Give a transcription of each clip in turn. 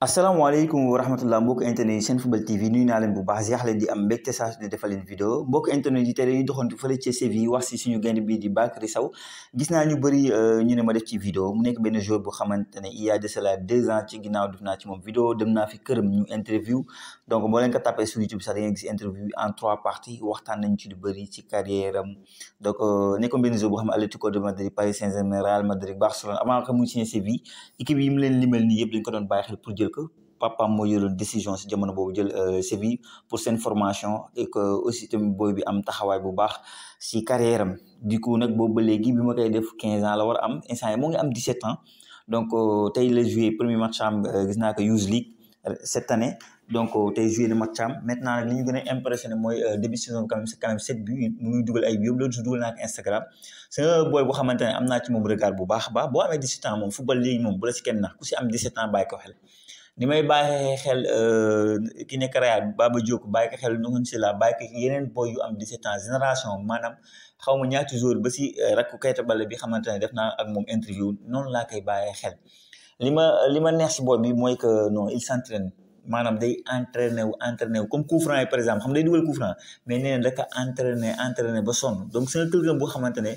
asalaamaaleykum wa rahmatullah mbokk internet yi seen football tv nuyu naa leen bu baax di am mbégte saa su ci Séville wax si suñu gaynde bii di Bakary gis naa ñu bëri euh, ci a de cela deux ans ci ginnaaw def naa moom vidéo dem naa fi këram ñu interview donc boo leen ko tapé sur YouTube sax da gis interview en trois parties waxtaan nañ ci lu bëri ci carrière donc euh, nekkoon benn joueur xam ne Atlético de Madrid Paris saint Madrid Barcelone avant que mu signé Séville équipe yi mu leen limal nii que papa moo jëloon décision ci jamono bobu jël euh, Séville pour seen formation et que aussi tamit boy bi am taxaway bu bax ci carrière am du coup nag boobu ba léegi bi ma koy def 15 ans la war am instant yii moo ngi am 17 ans donc euh, tay le jouer premier match am euh, gis na ko Youth League cette année donc tay jouer le match am maintenant nak li ñu gën a impressionné mooy début saison bi quand même quand même 7 buts mu ngi dugal ay buts yëpp loolu nak Instagram c'est boy bo xamante ne am naa ci mom regard bu bax ba bo amé 17 ans mom football league mom bu la ci kenn nak ku si am 17 ans bay ko xel. ni may bàyyi xel euh, ki ne Karayaat Baba Diop bàyyi ko xel Nuhun Sila bàyyi ko yeneen boy yu am 17 ans génération maanaam xaw ma ñaati jour ba si euh, rakku Keita Baldé bi xamante ne def naa ak moom interview noonu laa koy bàyyee xel li ma li ma neex si boy bi mooy que no il s'entraîne maanaam day entraîné wu entraîné wu comme coup franc yi par exemple xam day dugal coup mais nee daka entraîné entraîné ba sonn donc c'est quelqu'un boo xamante ne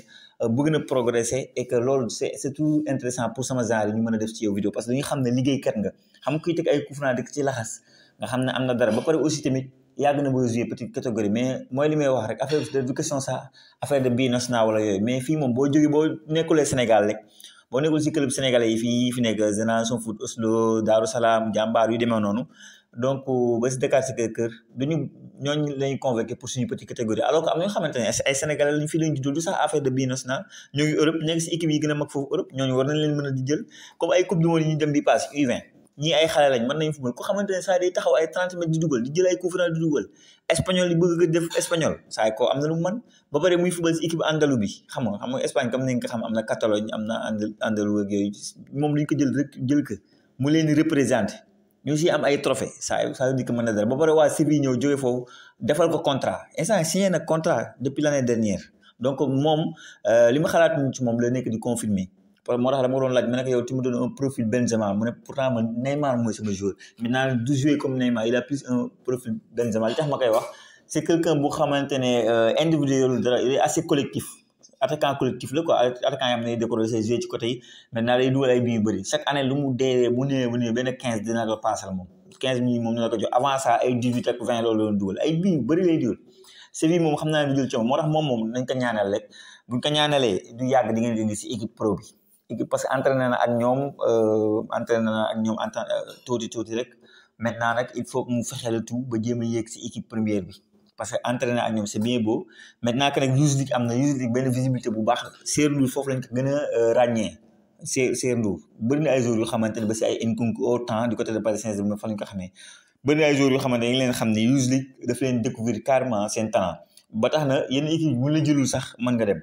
bëgg na progresser et que loolu c'est tout intéressant pour sama genre yi ñu a def ci yow vidéo parce que dañu xam ne liggéeykat nga xam kuy teg ay coup di ci laxas nga xam ne am na dara ba pare aussi tamit yàgg na bëgg jouer petite catégorie mais mooy li may wax rek affaire de question ça affaire de bi national wala yooyu mais fii moom boo jógee boo nekkul si club sénégalais yi fii fi nekk génération foot Oslo Daaru Salaam jàmbaar yu demee noonu donc ba si Dakar si kër kër duñu ñooñu lañu convoqué pour suñu petite catégorie alors que am na ñoo xamante ne ay sénégalais lañ fii lañ du sax affaire de bii national ñoo ngi Europe nekk si équipe yi gën a mag foofu Europe ñooñu war nañ leen mën a di jël comme ay coupe du monde ñu dem bi passe U20 ñii ay xale lañ mën nañu football ku xamante ne saa day taxaw ay 30 mètres di dugal di jël ay coup franc di dugal espagnol yi bëgg ko am na lu mu mën ba pare muy football bi xam nga xam nga Espagne am na Catalogne am na andalou ak yooyu moom lañ ko jël rek jël ko mu leen di représenté ñu si am ay trophée saa saa yu ko mën a dara ba pare waa Séville ñëw jógee foofu defal ko contrat instant signé na contrat depuis l' année dernière donc moom euh, li ma xalaat ci moom la nekk di confirmer moo tax dama ko doon laaj ma ne yow tu me un profil Benzema mu ne pourtant man Neymar mooy sama joueur maintenant du jouer comme Neymar il a plus un profil Benzema li tax ma koy wax c' est quelqu'un bu xamante ne euh, individuel dara il est assez collectif attaquant collectif la quoi attaquant yam am nañu décoré ses joueurs ci côté yi maintenant lay dugal ay bii yu bëri chaque année lu mu deewee bu néewee bu néewee benn quinze dina ko paasal moom quinze minutes moom dina ko jox avant ça ay dix huit ak vingt loolu doon dugal ay bii yu bëri lay dugal Séville moom xam naa ne du jël ci moom moo tax moom moom nañ ko ñaanal rek buñ ko ñaanalee du yàgg di ngeen di si équipe pro bi équipe parce que entraîné na ak ñoom euh, entraîné na ak ñoom entrain euh, tooti tuuti rek maintenant nag il faut mu fexe le tout ba jéem a yéeg si équipe première bi parce que entraîné ak ñoom c'est bien beau maintenant que nag Youssou Ndour am na Youssou Ndour benn visibilité bu baax Seydou Ndour foofu lañ ko gën a euh, ràññee Seydou Seydou Ndour bëri na ay jours yu xamante ne ba si ay Nkunku au temps du côté de Paris Saint-Germain fa lañ ko xamee bëri na ay jours yu xamante ne leen xam ne Youssou Ndour daf leen découvrir carrément seen talent ba tax na yenn équipe bu la jëlul sax mën nga dem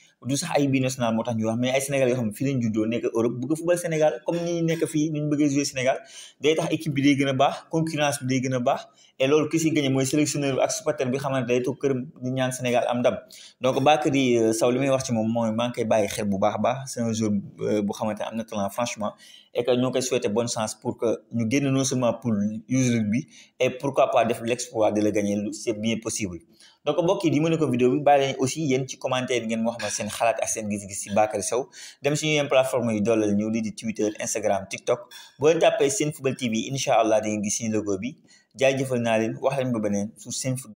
du sax ay binus naal moo tax ñu wax mais ay sénégal yoo xam fi lañ juddoo nekk europe bëgg football sénégal comme ñi nekk fii ñu bëgg jouer sénégal day tax équipe bi day gën a baax concurrence bi day gën a baax et loolu ki si gagné mooy e sélectionneur ak supporter bi xamante day tog këram di ñaan sénégal am ndam donc bàkkar yi saw li may wax ci moom mooy maa ngi koy bàyyi xel bu baax baax c' un joueur euh, bu xamante am na talent franchement et que nous souhaitons bon sens pour que nous gagnions non seulement pour du rugby, et pourquoi pas faire l'exploit de le gagner, c'est bien possible. Donc, si vous avez une vidéo, vous pouvez aussi vous un petit commentaire pour vous dire que vous avez un petit sur une plateforme de l'Union, Twitter, Instagram, TikTok. Si vous avez un Football TV, Inch'Allah, vous avez un logo. Vous avez un petit commentaire pour vous